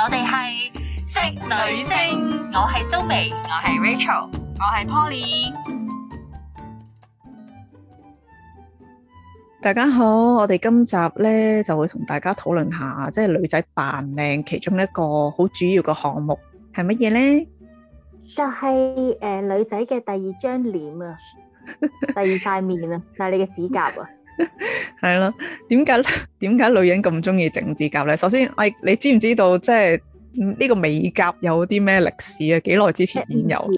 我哋係職女聲，我係蘇媚，我係 Rachel，我係 Polly。大家好，我哋今集咧就會同大家討論下，即係女仔扮靚其中一個好主要嘅項目係乜嘢咧？就係誒女仔嘅第二張臉啊，第二塊面啊，就係你嘅指甲啊。係咯，點解點解女人咁中意整指甲咧？首先，哎，你知唔知道即係呢個美甲有啲咩歷史啊？幾耐之前已經有？預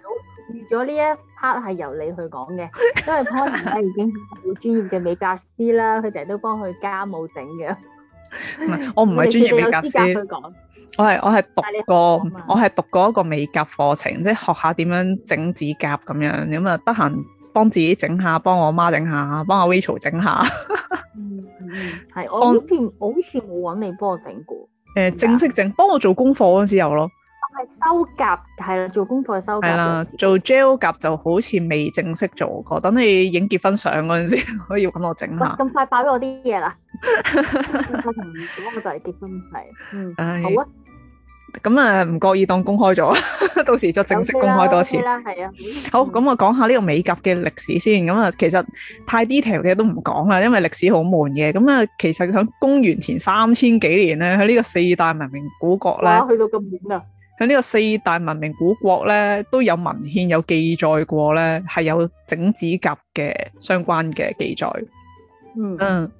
咗呢一 part 係由你去講嘅，因為 Polly 咧已經好專業嘅美甲師啦，佢成日都幫佢家務整嘅。唔係，我唔係專業美甲師。我係我係讀過，我係讀過一個美甲課程，即係學下點樣整指甲咁樣。咁啊，得閒。幫自己整下，幫我媽整下，幫阿 Rachel 整下。係、 嗯，我好似好似冇搵你幫我整過。誒、呃，正式整，幫我做功課嗰陣時候有咯。我係修甲，係啦，做功課修甲。係啦，做 gel 甲就好似未正式做過。等你影結婚相嗰陣時，可以搵我整咁快爆俾我啲嘢啦？ 我同，我就嚟結婚，係、嗯，嗯，好啊。咁啊，唔覺意當公開咗，到時再正式公開多次。係啦，係啊。好，咁我講下呢個美甲嘅歷史先。咁啊，其實太 detail 嘅都唔講啦，因為歷史好悶嘅。咁啊，其實喺公元前三千幾年咧，喺呢個四大文明古國咧，去到咁遠啦。喺呢個四大文明古國咧，都有文獻有記載過咧，係有整指甲嘅相關嘅記載。嗯。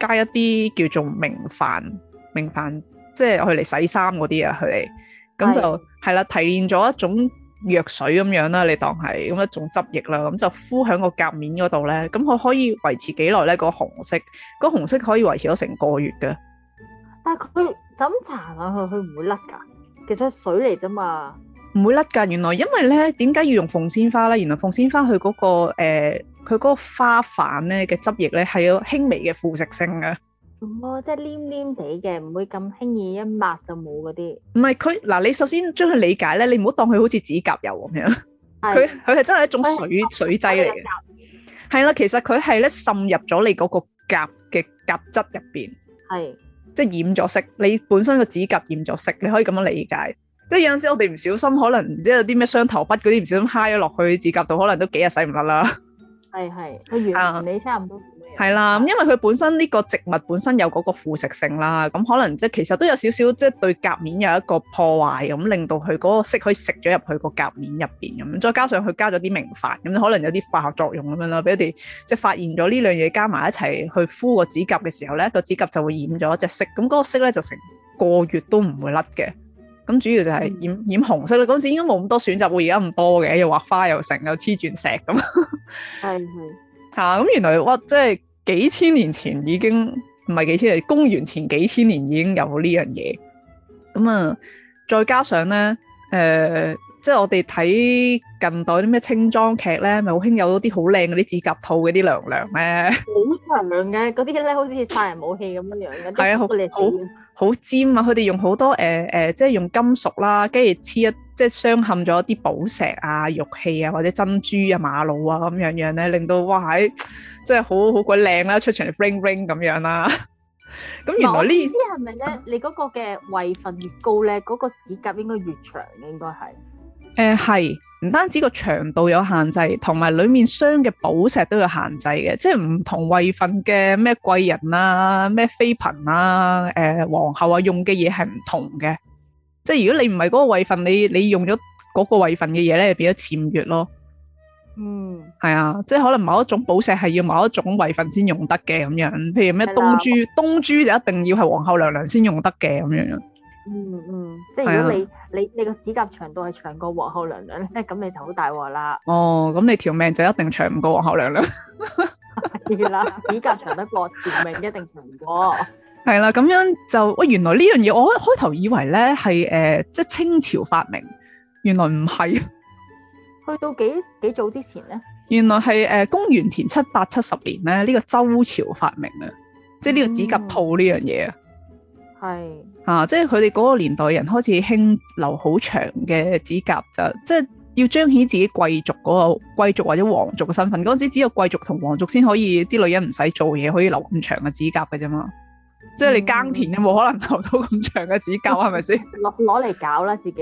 加一啲叫做明礬，明礬即係佢嚟洗衫嗰啲啊，佢哋咁就係啦，提煉咗一種藥水咁樣啦，你當係咁一種汁液啦，咁就敷喺個甲面嗰度咧，咁佢可以維持幾耐咧？個紅色，個紅色可以維持咗成個月噶。但係佢怎搽上去，佢唔會甩噶，其實係水嚟啫嘛。唔會甩㗎，原來的因為咧，點解要用鳳仙花咧？原來鳳仙花佢嗰、那個佢嗰、呃、花瓣咧嘅汁液咧係有輕微嘅腐蝕性啊！哦，即係黏黏地嘅，唔會咁輕易一抹就冇嗰啲。唔係佢嗱，你首先將佢理解咧，你唔好當佢好似指甲油咁樣，佢佢係真係一種水水劑嚟嘅。係啦，其實佢係咧滲入咗你嗰個甲嘅甲質入邊，係即係染咗色。你本身個指甲染咗色，你可以咁樣理解。即係有陣時，我哋唔小心，可能唔知有啲咩雙頭筆嗰啲，唔小心揩咗落去指甲度，可能都幾日洗唔甩啦。係係，佢原理差唔多。係、啊、啦，因為佢本身呢個植物本身有嗰個腐蝕性啦，咁、嗯、可能即其實都有少少即係對甲面有一個破壞，咁令到佢嗰個色可以食咗入去個甲面入面。咁再加上佢加咗啲明礬咁、嗯，可能有啲化學作用咁樣啦，俾佢哋即係發現咗呢兩嘢加埋一齊去敷個指甲嘅時候咧，個指甲就會染咗一隻色，咁、嗯、嗰、個色咧就成個月都唔會甩嘅。咁主要就係染、嗯、染紅色啦，嗰時應該冇咁多選擇，我而家咁多嘅，又畫花又成又黐鑽石咁。係係吓，咁、嗯嗯、原來我即係幾千年前已經唔係幾千年前，年公元前幾千年已經有呢樣嘢。咁、嗯、啊，再加上咧，誒、呃。即係我哋睇近代啲咩清裝劇咧，咪好興有啲好靚嗰啲指甲套嗰啲娘娘咧，好長嘅嗰啲咧，好似殺人武器咁樣樣嘅。係啊，好好好尖啊！佢哋用好多誒誒，即係用金屬啦，跟住黐一即係鑲嵌咗啲寶石啊、玉器啊或者珍珠啊、瑪瑙啊咁樣樣咧，令到哇喺即係好好鬼靚啦，出場 ring ring 咁樣啦。咁原來呢你知係咪咧？你嗰個嘅位份越高咧，嗰個指甲應該越長嘅，應該係。誒、嗯，係唔單止個長度有限制，同埋裏面鑲嘅寶石都有限制嘅，即係唔同位份嘅咩貴人啊，咩妃嬪啊，誒、呃、皇后啊用嘅嘢係唔同嘅，即係如果你唔係嗰個位份，你你用咗嗰個位份嘅嘢咧，變咗僭越咯。嗯，係啊，即係可能某一種寶石係要某一種位份先用得嘅咁樣，譬如咩東珠，東珠就一定要係皇后娘娘先用得嘅咁樣。嗯嗯，即係如果你你你個指甲長度係長過皇后娘娘咧，咁你就好大鑊啦。哦，咁你條命就一定長唔過皇后娘娘。係 啦，指甲長得過條 命，一定長唔過。係啦，咁樣就喂，原來呢樣嘢，我開開頭以為咧係誒，即係清朝發明，原來唔係。去到幾幾早之前咧，原來係誒、呃、公元前七百七十年咧，呢、這個周朝發明啊，即係呢個指甲套呢樣嘢啊。嗯係，啊，即係佢哋嗰個年代人開始興留好長嘅指甲就，即係要彰顯自己貴族嗰個貴族或者皇族嘅身份。嗰陣時只有貴族同皇族先可以，啲女人唔使做嘢可以留咁長嘅指甲嘅啫嘛。即係你耕田都，冇可能留到咁長嘅指甲係咪先？攞攞嚟搞啦，自己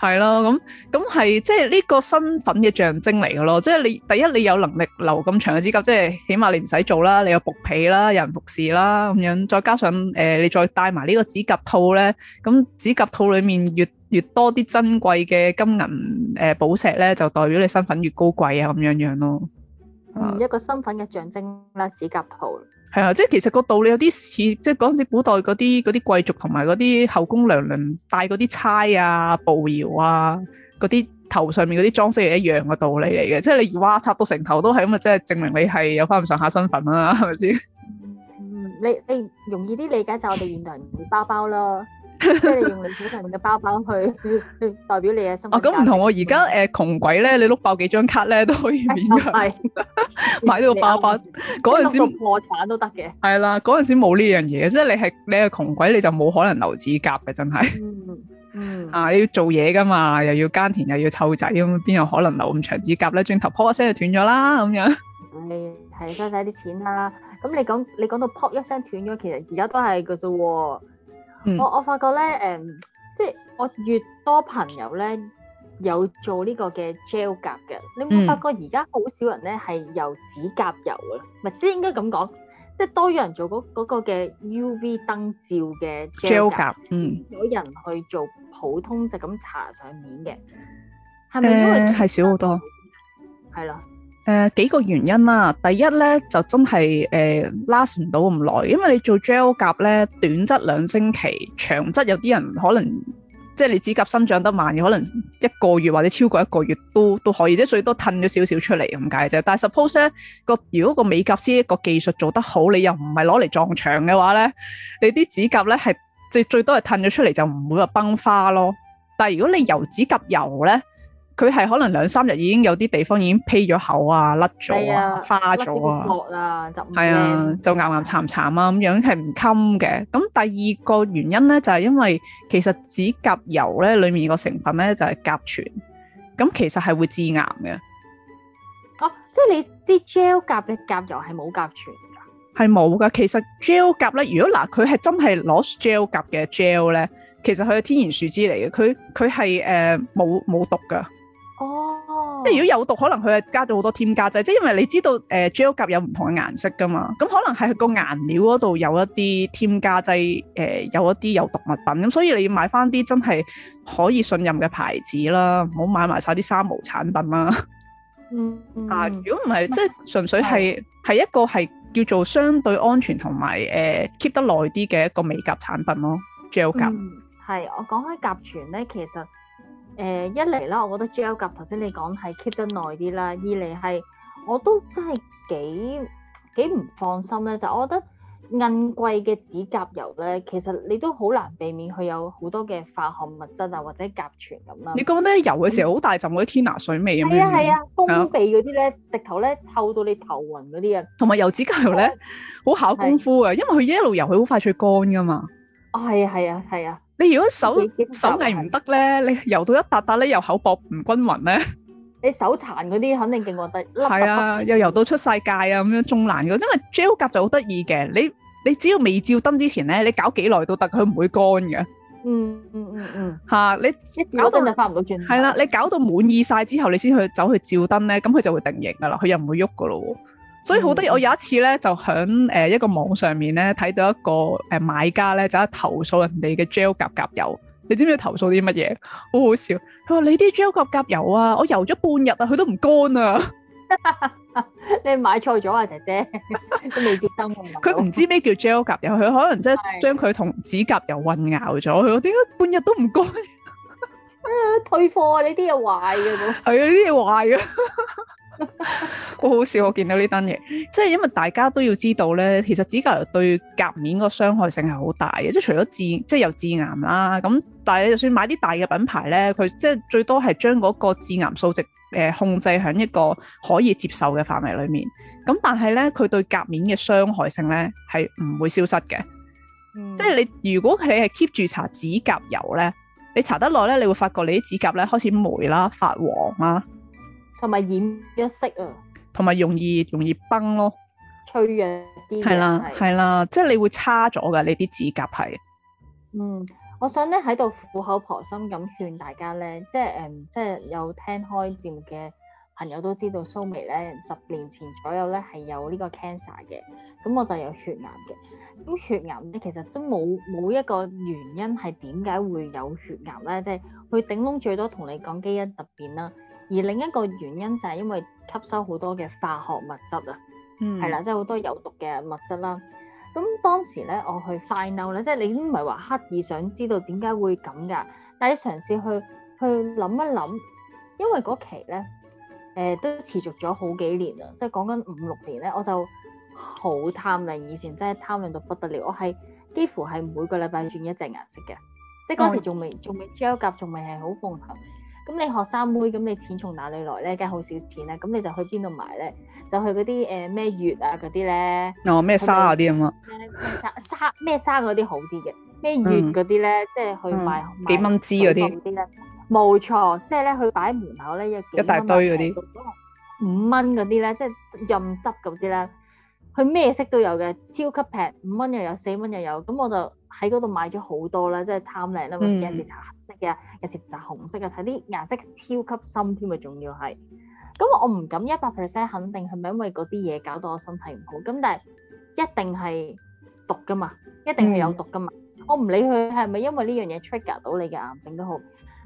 係咯，咁咁係即係呢個身份嘅象徵嚟嘅咯。即係你第一，你有能力留咁長嘅指甲，即係起碼你唔使做啦，你有僕婢啦，有人服侍啦，咁樣再加上誒，你再戴埋呢個指甲套咧，咁指甲套裏面越越多啲珍貴嘅金銀誒寶石咧，就代表你身份越高貴啊，咁樣樣咯。嗯，一個身份嘅象徵啦，指甲套。係啊，即係其實個道理有啲似，即係嗰陣時古代嗰啲嗰啲貴族同埋嗰啲後宮娘娘帶嗰啲釵啊、步搖啊，嗰啲頭上面嗰啲裝飾係一樣嘅道理嚟嘅，即係你哇插到成頭都係咁啊，即係證明你係有翻咁上下身份啦，啊，係咪先？嗯，你你容易啲理解就我哋現代人嘅包包啦。 即係用你手上面嘅包包去去代表你嘅生活。咁唔同我而家誒窮鬼咧，你碌爆幾張卡咧都可以免 買買到包包。嗰陣時破產都得嘅。係啦，嗰陣時冇呢樣嘢，即係你係你係窮鬼，你就冇可能留指甲嘅，真係。嗯嗯。啊，要做嘢噶嘛，又要耕田，又要湊仔咁，邊有可能留咁長指甲咧？轉頭撲一聲就斷咗啦，咁樣。係、嗯，使唔使啲錢啦？咁你講你講到撲一聲斷咗，其實而家都係嘅啫我我發覺咧，誒，即係我越多朋友咧有做呢個嘅 gel 甲嘅，你有冇發覺而家好少人咧係用指甲油啊？唔係即係應該咁講。即係多咗人做嗰嗰個嘅 UV 燈照嘅 gel 甲，嗯，有人去做普通就咁搽上面嘅，係咪因為係少好多？係啦。誒、呃，幾個原因啦、啊。第一咧就真係誒 last 唔到咁耐，因為你做 gel 甲咧短則兩星期，長則有啲人可能即係你指甲生長得慢嘅，可能一個月或者超過一個月都都可以，即係最多褪咗少少出嚟咁解啫。但係 suppose 咧個如果個美甲師一個技術做得好，你又唔係攞嚟撞牆嘅話咧，你啲指甲咧係最最多係褪咗出嚟就唔會話崩花咯。但係如果你油指甲油咧？佢係可能兩三日已經有啲地方已經披咗口啊，甩咗啊，哎、花咗啊，係啊，就岩岩慘慘啊，咁、啊、樣係唔襟嘅。咁第二個原因咧就係、是、因為其實指甲油咧裏面個成分咧就係、是、甲醛，咁其實係會致癌嘅。哦、啊，即係你啲 gel 甲嘅甲油係冇甲醛噶？係冇噶。其實 gel 甲咧，如果嗱佢係真係攞 gel 甲嘅 gel 咧，其實佢係天然樹脂嚟嘅，佢佢係誒冇冇毒噶。即係如果有毒，可能佢係加咗好多添加劑。即係因為你知道，誒，gel 甲有唔同嘅顏色噶嘛，咁可能係個顏料嗰度有一啲添加劑，誒、呃，有一啲有毒物品。咁所以你要買翻啲真係可以信任嘅牌子啦，唔好買埋晒啲三無產品啦。嗯，啊，如果唔係、嗯，即係純粹係係、嗯、一個係叫做相對安全同埋誒 keep 得耐啲嘅一個美甲產品咯。gel 甲係，我講開甲醛咧，其實。誒、呃、一嚟啦，我覺得 gel 甲頭先你講係 keep 得耐啲啦。二嚟係我都真係幾幾唔放心咧，就我覺得硬貴嘅指甲油咧，其實你都好難避免佢有好多嘅化學物質啊，或者甲醛咁啦。你覺得油嘅時候好大陣嗰啲天拿水味咁、嗯、樣，啊！衝鼻嗰啲咧，直頭咧臭到你頭暈嗰啲啊。同埋油指甲油咧、嗯，好考功夫啊，因為佢一路油，佢好快脆乾噶嘛。啊，係啊，係啊，係啊。你如果手手藝唔得咧，你游到一笪笪咧，又厚薄唔均勻咧。你手殘嗰啲肯定勁核突。係啊，又游到出世界啊，咁樣仲難嘅。因為 gel 甲就好得意嘅，你你只要未照燈之前咧，你搞幾耐都得，佢唔會乾嘅。嗯嗯嗯嗯。吓、嗯，你一搞到就發唔到轉。係啦，你搞到滿、啊、意晒之後，你先去走去照燈咧，咁佢就會定型噶啦，佢又唔會喐噶咯所以好得意，我有一次咧就響誒一個網上面咧睇到一個誒買家咧就喺投訴人哋嘅 gel 甲甲油，你知唔知投訴啲乜嘢？好好笑，佢話你啲 gel 甲甲油啊，我油咗半日啊，佢都唔乾啊！ 你買錯咗啊，姐姐都未結單佢唔知咩叫 gel 甲油，佢可能即係將佢同指甲油混淆咗。佢點解半日都唔乾？ 退貨啊！呢啲嘢壞嘅，係 啊，呢啲嘢壞嘅。 好好笑！我見到呢單嘢，即係因為大家都要知道咧，其實指甲油對甲面個傷害性係好大嘅，即係除咗致即係有致癌啦。咁但係你就算買啲大嘅品牌咧，佢即係最多係將嗰個致癌數值誒控制喺一個可以接受嘅範圍裏面。咁但係咧，佢對甲面嘅傷害性咧係唔會消失嘅。即係，嗯，你如果你係 keep 住搽指甲油咧，你搽得耐咧，你會發覺你啲指甲咧開始霉啦、發黃啦、啊。同埋染咗色啊，同埋容易容易崩咯，脆弱啲嘅係啦，係啦，即係你會差咗嘅，你啲指甲係。嗯，我想咧喺度苦口婆心咁勸大家咧，即係誒、嗯，即係有聽開節目嘅朋友都知道，蘇媚咧十年前左右咧係有呢個 cancer 嘅，咁我就有血癌嘅。咁血癌咧其實都冇冇一個原因係點解會有血癌咧，即係佢頂籠最多同你講基因突變啦。而另一個原因就係因為吸收好多嘅化學物質啊，嗯，係啦，即係好多有毒嘅物質啦。咁當時咧，我去 find out 咧，即係你唔係話刻意想知道點解會咁噶，但係你嘗試去去諗一諗，因為嗰期咧，誒，都持續咗好幾年啦，即係講緊五六年咧，我就好貪靚，以前真係貪靚到不得了，我係幾乎係每個禮拜轉一隻顏色嘅，即係嗰時仲未仲未 gel 甲，仲未係好風行。咁你學生妹，咁你錢從哪裏來咧？梗係好少錢啦。咁你就去邊度買咧？就去嗰啲誒咩月啊嗰啲咧。嗱，咩、哦、沙啊啲咁啊？沙咩沙嗰啲好啲嘅？咩月嗰啲咧？即係去買，嗯、買幾蚊支嗰啲？冇錯，即係咧，佢擺喺門口咧，幾一幾大堆嗰啲五蚊嗰啲咧，即係任執咁啲啦。佢咩色都有嘅，超級平，五蚊又有，四蚊又有，咁我就，喺嗰度買咗好多啦，即係貪靚啦，有時搽黑色嘅，有時搽紅色嘅，睇啲顏色超級深添啊，仲要係，咁我唔敢一百 percent 肯定係咪因為嗰啲嘢搞到我身體唔好，咁但係一定係毒噶嘛，一定係有毒噶嘛，我唔理佢係咪因為呢樣嘢 trigger 到你嘅癌症都好，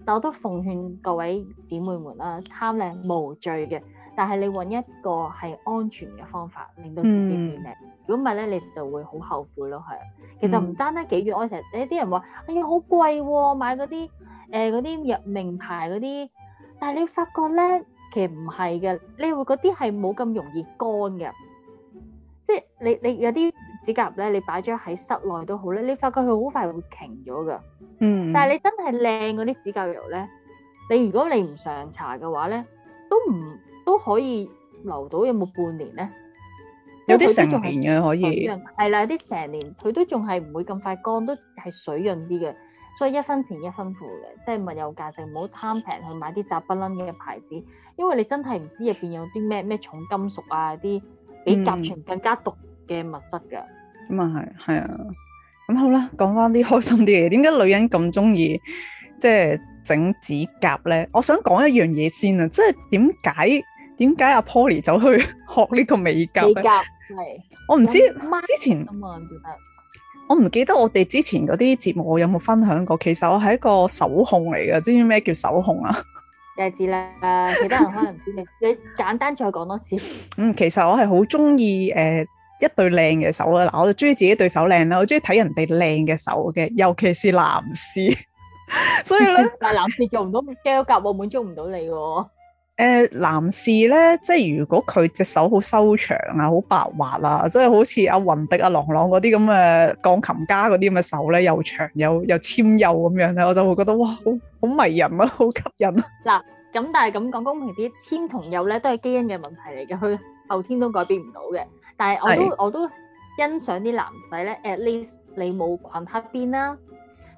但我都奉勸各位姊妹們啦，貪靚無罪嘅。但係你揾一個係安全嘅方法，令到自己變靚。如果唔係咧，你就會好後悔咯。係其實唔爭得幾遠。我成日有啲人話：哎呀，好貴喎，啊，買嗰啲誒嗰啲入名牌嗰啲。但係你發覺咧，其實唔係嘅，你會嗰啲係冇咁容易乾嘅，即係你你有啲指甲咧，你擺咗喺室內都好咧，你發覺佢好快會鯨咗㗎。嗯。但係你真係靚嗰啲指甲油咧，你如果你唔常搽嘅話咧，都唔～都可以留到有冇半年咧？有啲成年嘅可以，係啦，有啲成年佢都仲係唔會咁快乾，都係水潤啲嘅。所以一分錢一分貨嘅，即係物有價值，唔好貪平去買啲雜不楞嘅牌子，因為你真係唔知入邊有啲咩咩重金屬啊，啲比甲醛更加毒嘅物質㗎。咁啊係，係啊。咁好啦，講翻啲開心啲嘅嘢。點解女人咁中意即係整指甲咧？我想講一樣嘢先啊，即係點解？點解阿 Polly 走去學呢個美甲？美甲係我唔知之前，我唔記得我哋之前嗰啲節目我有冇分享過。其實我係一個手控嚟噶知唔知咩叫手控啊？梗係知啦，其他人可能唔知嘅。 你簡單再講多次。嗯，其實我係好中意誒一對靚嘅手啊！嗱，我就中意自己對手靚啦，我中意睇人哋靚嘅手嘅，尤其是男士。所以咧，但男士做唔到 gel 甲，我滿足唔到你喎。誒、uh，男士咧，即係如果佢隻手好修長啊，好白滑啊，即、就、係、是、好似阿雲迪、阿朗朗嗰啲咁嘅鋼琴家嗰啲咁嘅手咧，又長又又纖幼咁樣咧，我就會覺得哇，好好迷人啊，好吸引、啊。嗱，咁但係咁講公平啲，纖同幼咧都係基因嘅問題嚟嘅，佢後天都改變唔到嘅。但係我都我都欣賞啲男仔咧，at least 你冇裙黑邊啦、啊。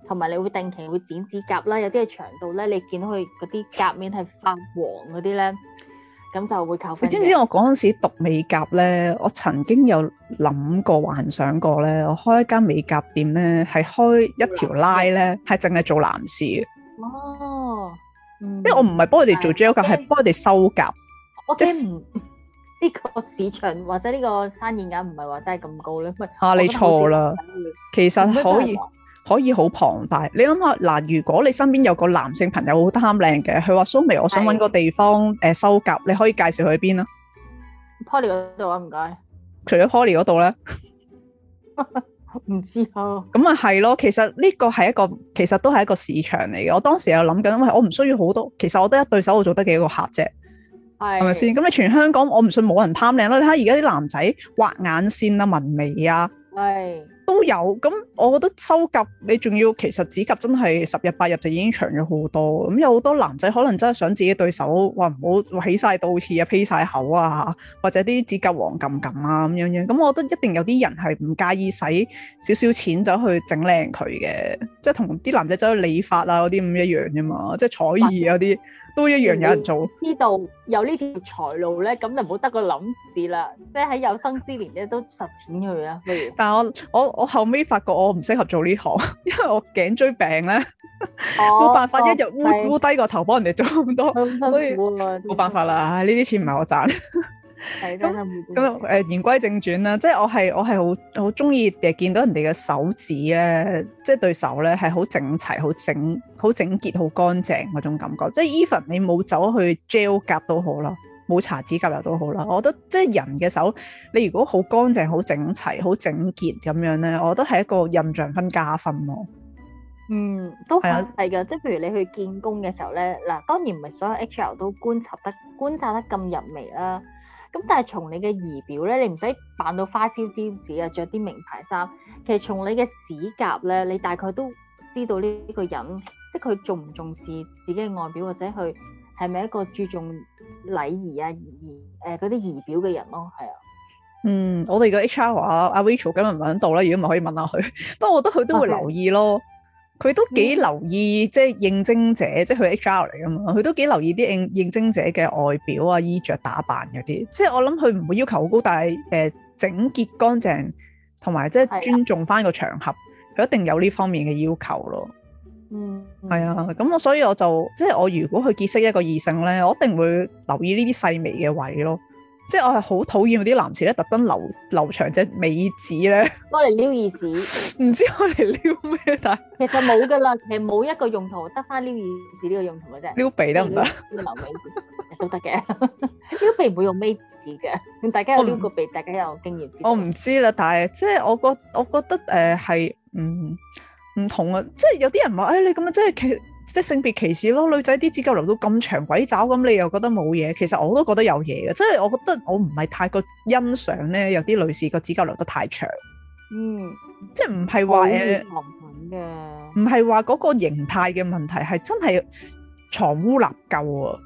同埋你會定期會剪指甲啦，有啲係長度咧，你見到佢嗰啲甲面係發黃嗰啲咧，咁就會扣分。你知唔知我嗰陣時讀美甲咧，我曾經有諗過、幻想過咧，我開一間美甲店咧，係開一條拉咧，係淨係做男士嘅哦、嗯，因為我唔係幫佢哋做腳甲，係幫佢哋修甲。我驚唔呢個市場或者呢個生意咁唔係話真係咁高咧？喂、啊，係，你錯啦，其實可以。可以好龐大，你諗下嗱，如果你身邊有個男性朋友好貪靚嘅，佢話蘇媚，我想揾個地方誒修甲，你可以介紹佢去邊啊？Polly 嗰度啊，唔該。除咗 Polly 嗰度咧，唔 知啊道。咁啊係咯，其實呢個係一個，其實都係一個市場嚟嘅。我當時有諗緊，因為我唔需要好多，其實我得一對手就做得幾個客啫。係。係咪先？咁你全香港，我唔信冇人貪靚囉。你睇下而家啲男仔畫眼線啊，紋眉啊。係。都有咁，我覺得修甲你仲要其實指甲真係十日八日就已經長咗好多。咁有好多男仔可能真係想自己對手話唔好起晒刀刺啊、披曬口啊，或者啲指甲黃冧冧啊咁樣樣。咁我覺得一定有啲人係唔介意使少少錢走去整靚佢嘅，即係同啲男仔走去理髮啊嗰啲唔一樣啫嘛，即係彩儀有啲。都一樣有人做，呢、嗯、度有呢條財路咧，咁就唔好得個諗字啦，即係喺有生之年咧都實踐佢啊。不、嗯、如，但係我我我後尾發覺我唔適合做呢行，因為我頸椎病咧，冇、哦、辦法一日烏烏低個頭幫人哋做咁多、啊，所以冇辦法啦。呢啲錢唔係我賺。 咁咁誒，言歸正傳啦，即係我係我係好好中意誒，見到人哋嘅手指咧，即係對手咧，係好整齊、好整、好整潔、好乾淨嗰種感覺。即係 even 你冇走去 gel 夾都好啦，冇搽指甲油都好啦。我覺得即係人嘅手，你如果好乾淨、好整齊、好整潔咁樣咧，我覺得係一個印象分加分咯。嗯，都係係嘅，即係譬如你去見工嘅時候咧，嗱，當然唔係所有 HR 都觀察得觀察得咁入微啦、啊。咁但係從你嘅儀表咧，你唔使扮到花椒尖止啊，着啲名牌衫。其實從你嘅指甲咧，你大概都知道呢個人，即係佢重唔重視自己嘅外表，或者佢係咪一個注重禮儀啊、儀誒嗰啲儀表嘅人咯，係啊。嗯，我哋嘅 HR 阿 Rachel 今日唔喺度啦，如果唔係可以問下佢。不過我覺得佢都會留意咯。是的。佢都幾留意，即係應徵者，即係佢 HR 嚟噶嘛。佢都幾留意啲應應徵者嘅外表啊、衣着打扮嗰啲。即係我諗佢唔會要求好高，但係、呃、整潔、乾淨同埋即係尊重翻個場合，佢、啊、一定有呢方面嘅要求咯。嗯，係啊，咁我所以我就即係我如果去結識一個異性咧，我一定會留意呢啲細微嘅位咯。即係我係好討厭嗰啲男士咧，特登留留長隻尾指咧，我嚟撩耳屎，唔知我嚟撩咩？但係其實冇噶啦，其實冇一個用途，得翻撩耳屎呢個用途嘅啫。撩鼻得唔得？撩尾都得嘅，撩 以 鼻唔會用尾指嘅。大家有撩過鼻，大家有經驗。我唔知啦，但係即係我覺，我覺得誒係，呃、嗯、唔同啊。即係有啲人話，誒、哎，你咁樣即係其即係性別歧視咯，女仔啲指甲留到咁長鬼爪，咁你又覺得冇嘢？其實我都覺得有嘢嘅，即係我覺得我唔係太過欣賞咧，有啲女士個指甲留得太長。嗯，即係唔係話誒？唔係話嗰個形態嘅問題係真係藏污納垢啊！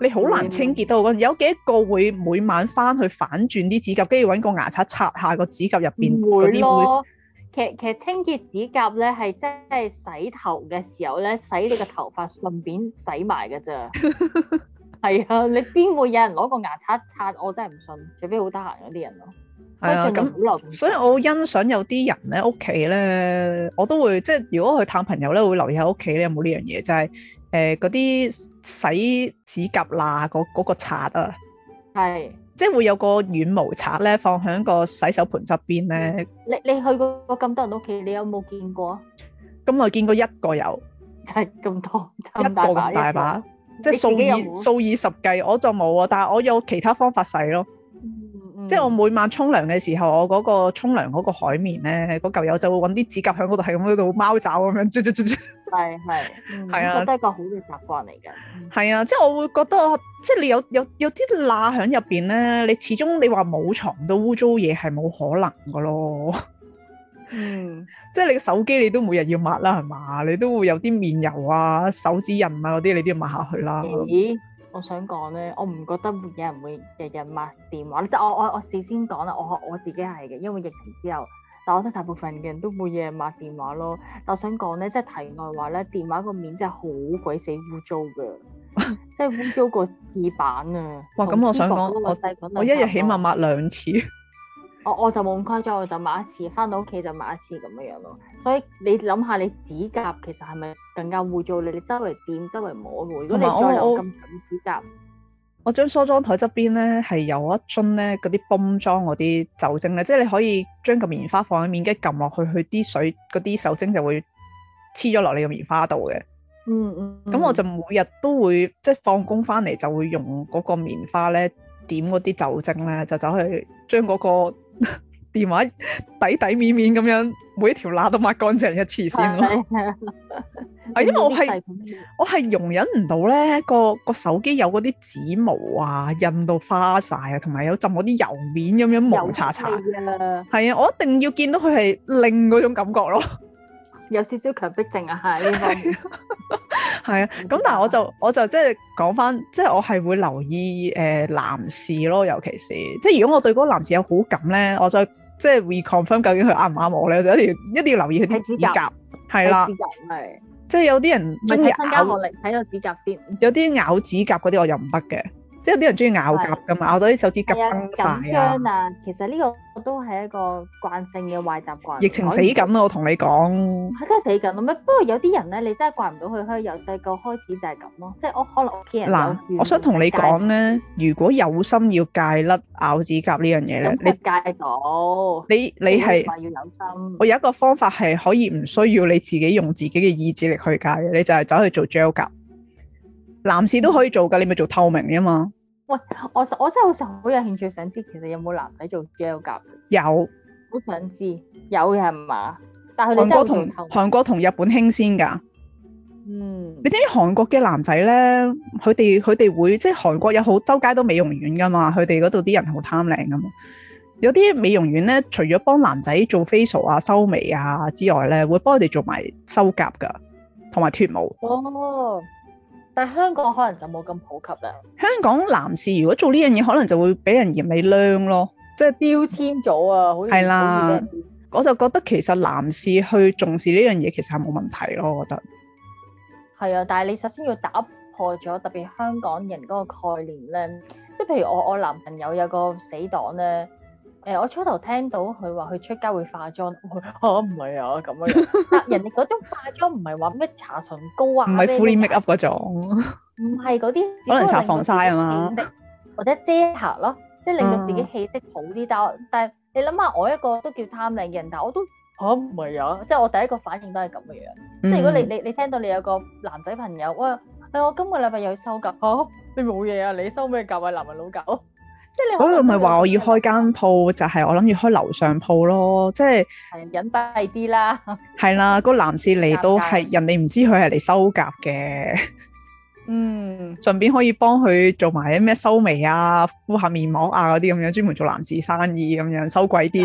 你好難清潔到嗰，有幾多個會每晚翻去反轉啲指甲，跟住揾個牙刷刷下個指甲入面嗰啲會,會。其實其實清潔指甲咧，係真係洗頭嘅時候咧，洗你個頭髮，順便洗埋㗎咋。係啊，你邊會有人攞個牙刷刷？我真係唔信，除非好得閒嗰啲人咯。係啊，咁所以我好欣賞有啲人咧，屋企咧，我都會即係如果去探朋友咧，會留意喺屋企咧有冇呢樣嘢，就係誒嗰啲洗指甲罅，嗰嗰、嗰個刷啊，係。即係會有個軟毛刷咧，放喺個洗手盆側邊咧。你你去過咁多人屋企，你有冇見過啊？咁我見過一個有，就係、係、咁多一個咁大把，大把有有即係數以數以十計，我就冇啊。但係我有其他方法洗咯。嗯。即係我每晚沖涼嘅時候，我嗰個沖涼嗰個海綿咧，嗰嚿油就會揾啲指甲喺嗰度，係咁喺度貓爪咁樣捽捽捽捽。係係、 嗯啊，我覺得一個好嘅習慣嚟嘅。係啊，即係我會覺得，即係你有有有啲罅喺入邊咧，你始終你話冇藏到污糟嘢係冇可能嘅咯。嗯，即係你嘅手機你都每日要抹啦，係嘛？你都會有啲面油啊、手指印啊嗰啲，你都要抹下去啦。咦、嗯。我想講咧，我唔覺得會有人會日日抹電話。即係我我我事先講啦，我我自己係嘅，因為疫情之後，但我覺得大部分嘅人都冇日日抹電話咯。但我想講咧，即係題外話咧，電話個面真係好鬼死污糟㗎， 即係污糟過紙板啊！哇！咁我想講，我我一日起碼抹兩次。 我我就冇咁誇張，我就抹一次，翻到屋企就抹一次咁樣樣咯。所以你諗下，你指甲其實係咪更加污糟？你你周圍掂，周圍摸喎。如果你再留咁長指甲，我將梳妝台側邊咧係有一樽咧嗰啲泵裝嗰啲酒精咧，即係你可以將個棉花放喺面，跟住撳落去，佢啲水嗰啲酒精就會黐咗落你棉、嗯嗯、個棉花度嘅。嗯嗯。咁我就每日都會即係放工翻嚟就會用嗰個棉花咧點嗰啲酒精咧，就走去將嗰個。電話底底面面咁樣，每一條罅都抹乾淨一次先咯。係 因為我係我係容忍唔到咧個個手機有嗰啲紙毛啊，印到花晒啊，同埋有浸嗰啲油面咁樣毛查查。係啊，我一定要見到佢係另嗰種感覺咯。有少少強迫症啊，呢係 啊，咁、啊、但我就我就即係講翻，即係我係會留意、呃、男士咯，尤其是即係如果我對嗰個男士有好感咧，我再即係 reconfirm 究竟佢啱唔啱我咧，我就一定要一定要留意佢啲指甲，係啦，係、啊啊、即係有啲人唔係睇身家學歷，睇個指甲先，有啲咬指甲嗰啲我又唔得嘅。因為啲人中意咬甲噶嘛，咬到啲手指甲崩晒啊！緊張啊，其實呢個都係一個慣性嘅壞習慣。疫情死緊咯，我同你講。係真係死緊咯咩？不過有啲人咧，你真係怪唔到佢，佢由細個開始就係咁咯。即係我可能屋企人嗱，我想同你講咧，如果有心要戒甩咬指甲這呢樣嘢咧，你戒到。你你係要有心。我有一個方法係可以唔需要你自己用自己嘅意志力去戒嘅，你就係走去做 gel 甲。男士都可以做噶，你咪做透明啊嘛。喂，我我真係好想好有興趣，想知其實有冇男仔做 gel 甲？有，好想知有嘅，係嘛？但係佢哋真係同韓國同日本興先噶。嗯，你知唔知韓國嘅男仔咧，佢哋佢哋會即係韓國有好周街都美容院噶嘛？佢哋嗰度啲人好貪靚噶嘛？有啲美容院咧，除咗幫男仔做 facial 啊、修眉啊之外咧，會幫佢哋做埋修甲噶，同埋脫毛。哦。但香港可能就冇咁普及啦。香港男士如果做呢樣嘢，可能就會俾人嫌你娘咯，即係標籤咗啊！係、嗯、啦，我就覺得其實男士去重視呢樣嘢其實係冇問題咯、啊，我覺得。係啊，但係你首先要打破咗特別香港人嗰個概念咧，即係譬如我我男朋友有個死黨咧。誒，我初頭聽到佢話佢出街會化妝，啊，唔係啊咁樣，人哋嗰種化妝唔係話咩搽唇膏啊，唔係 full make up 嗰種，唔係嗰啲，可能搽防曬啊嘛，或者遮瑕咯，即係令到自己氣色好啲。但係我，但係你諗下，我一個都叫貪靚嘅人，但係我都嚇唔係啊，即係我第一個反應都係咁嘅樣。即係如果你你你聽到你有個男仔朋友哇，喂我今個禮拜又去修甲，嚇你冇嘢啊？你修咩甲？係男人老狗。所以我咪話我要開間鋪，就係、是、我諗住開樓上鋪咯，即係隱蔽啲啦。係啦，那個男士嚟都係人哋唔知佢係嚟修甲嘅。嗯，順便可以幫佢做埋啲咩修眉啊、敷下面膜啊嗰啲咁樣，專門做男士生意咁樣，收貴啲。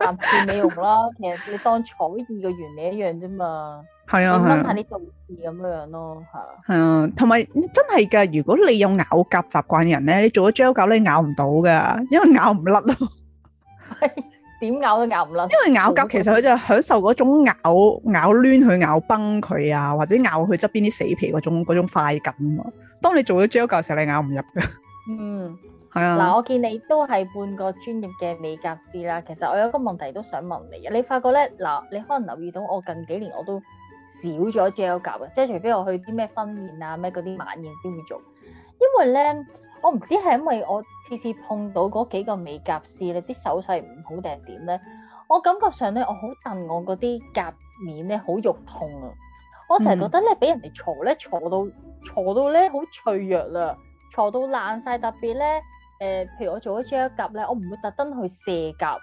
男士美容啦， 其實你當草藝嘅原理一樣啫嘛。係啊，分下啲故事咁樣樣咯，係啊。係啊，同埋真係嘅，如果你有咬夾習慣嘅人咧，你做咗膠膠咧咬唔到噶，因為咬唔甩咯。係點咬都咬唔甩。因為咬夾其實佢就享受嗰種咬咬攣去咬崩佢啊，或者咬去側邊啲死皮嗰種嗰種快感啊。當你做咗膠膠嘅時候，你咬唔入㗎。嗯，係啊。嗱，我見你都係半個專業嘅美甲師啦。其實我有個問題都想問你啊。你發覺咧，嗱，你可能留意到我近幾年我都。少咗 gel 夾，即係除非我去啲咩婚宴啊咩嗰啲晚宴先會做，因為咧我唔知係因為我次次碰到嗰幾個美甲師咧啲手勢唔好定係點咧，我感覺上咧我好燉我嗰啲甲面咧好肉痛啊，我成日覺得咧俾人哋鋤咧鋤到鋤到咧好脆弱啦，鋤到爛晒，特別咧誒、呃，譬如我做咗 gel 夾咧，我唔會特登去卸甲。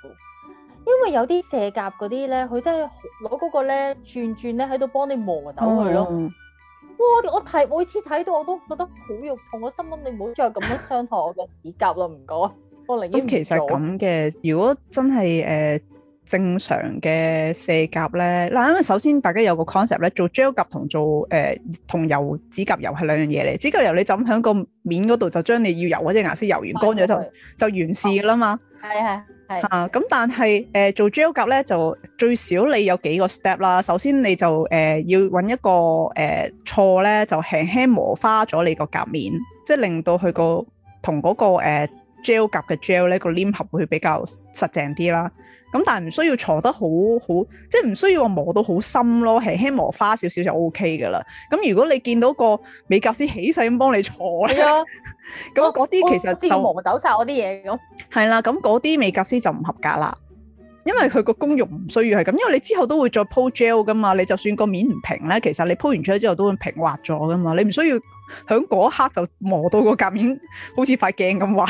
因為有啲卸甲嗰啲咧，佢真係攞嗰個咧轉轉咧喺度幫你磨走佢咯、哦。哇！我睇每次睇到我都覺得好肉痛，我心諗你唔好再咁樣傷害我嘅指甲啦，唔該。我寧願做。咁其實咁嘅，如果真係誒、呃、正常嘅卸甲咧，嗱，因為首先大家有個 concept 咧，做 gel 甲同做誒同、呃、油指甲油係兩樣嘢嚟。指甲油你就咁喺個面嗰度就將你要油嗰隻顏色油完乾咗就就完事㗎啦嘛。係係。啊，咁但係誒、呃、做 gel 甲咧就最少你有幾個 step 啦。首先你就誒、呃、要揾一個誒銼咧，就輕輕磨花咗你個甲面，即係令到佢個同嗰、那個 gel 甲嘅 gel 咧個，個呢黏合會比較實淨啲啦。咁但係唔需要挫得好好，即係唔需要磨到好深咯，輕輕磨花少少就 OK 噶啦。咁如果你見到個美甲師起勢咁幫你挫咧，咁嗰啲其實就磨走晒嗰啲嘢咁。係啦，咁嗰啲美甲師就唔合格啦，因為佢個功用唔需要係咁。因為你之後都會再鋪 gel 噶嘛，你就算個面唔平咧，其實你鋪完出咗之後都會平滑咗噶嘛。你唔需要喺嗰一刻就磨到個甲面好似塊鏡咁滑。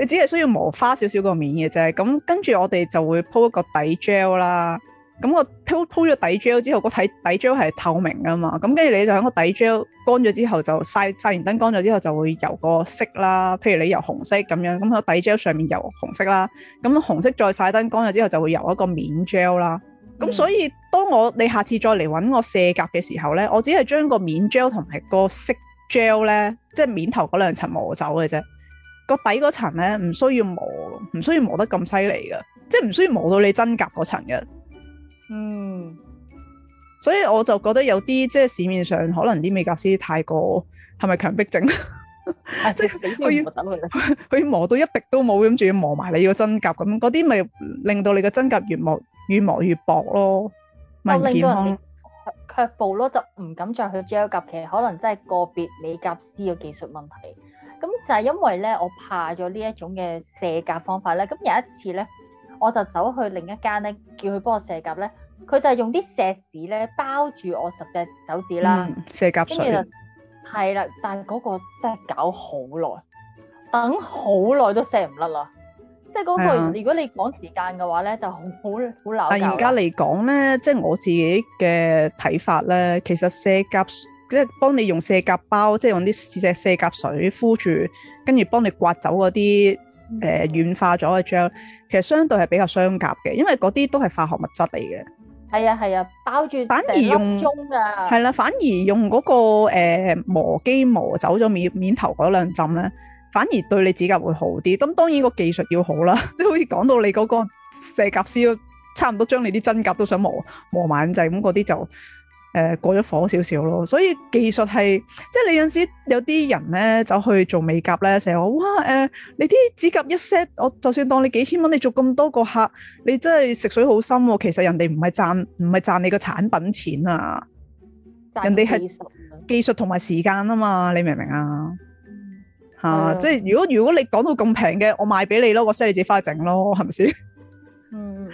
你只係需要磨花少少個面嘅啫，咁跟住我哋就會鋪一個底 gel 啦。咁我鋪鋪咗底 gel 之後，個底底 gel 係透明㗎嘛。咁跟住你就喺個底 gel 乾咗之後就曬，就晒晒完燈乾咗之後，就會油個色啦。譬如你油紅色咁樣，咁喺底 gel 上面油紅色啦。咁紅色再晒燈乾咗之後，就會油一個面 gel 啦。咁、嗯、所以當我你下次再嚟搵我卸甲嘅時候咧，我只係將個面 gel 同埋個色 gel 咧，即係面頭嗰兩層磨走嘅啫。個底嗰層咧，唔需要磨，唔需要磨得咁犀利噶，即係唔需要磨到你真甲嗰層嘅。嗯，所以我就覺得有啲即係市面上可能啲美甲師太過係咪強迫症、啊、 即係我要等佢，我要磨到一滴都冇咁，仲要磨埋你個真甲咁，嗰啲咪令到你個真甲越磨越磨越薄咯，唔健康。卻、哦、步咯，就唔敢再去 gel 甲。其實可能真係個別美甲師嘅技術問題。咁就係因為咧，我怕咗呢一種嘅卸甲方法咧。咁有一次咧，我就走去另一間咧，叫佢幫我卸甲咧。佢就係用啲錫紙咧包住我十隻手指啦，卸甲水。係啦，但係嗰個真係搞好耐，等好耐都卸唔甩啦。即係嗰個，如果你講時間嘅話咧，就好好嬲㗎。但而家嚟講咧，即係我自己嘅睇法咧，其實卸甲。即係幫你用卸甲包，即、就、係、是、用啲四隻卸甲水敷住，跟住幫你刮走嗰啲誒軟化咗嘅膠。其實相對係比較傷甲嘅，因為嗰啲都係化學物質嚟嘅。係啊係啊，包住、啊、反而用，中係啦，反而用嗰、那個誒、呃、磨機磨走咗面面頭嗰兩浸咧，反而對你指甲會好啲。咁當然個技術要好啦，即係好似講到你嗰個卸甲師都差唔多將你啲真甲都想磨磨埋，咁滯咁嗰啲就。誒過咗火少少咯，所以技術係即係你有陣時有啲人咧走去做美甲咧，成日話哇誒、呃，你啲指甲一 set，我就算當你幾千蚊，你做咁多個客，你真係食水好深喎。其實人哋唔係賺唔係賺你個產品錢啊，人哋係技術同埋時間啊嘛，你明唔明、嗯、啊？嚇！即係如果如果你講到咁平嘅，我賣俾你咯，我 set 你自己翻去整咯，係咪先？嗯。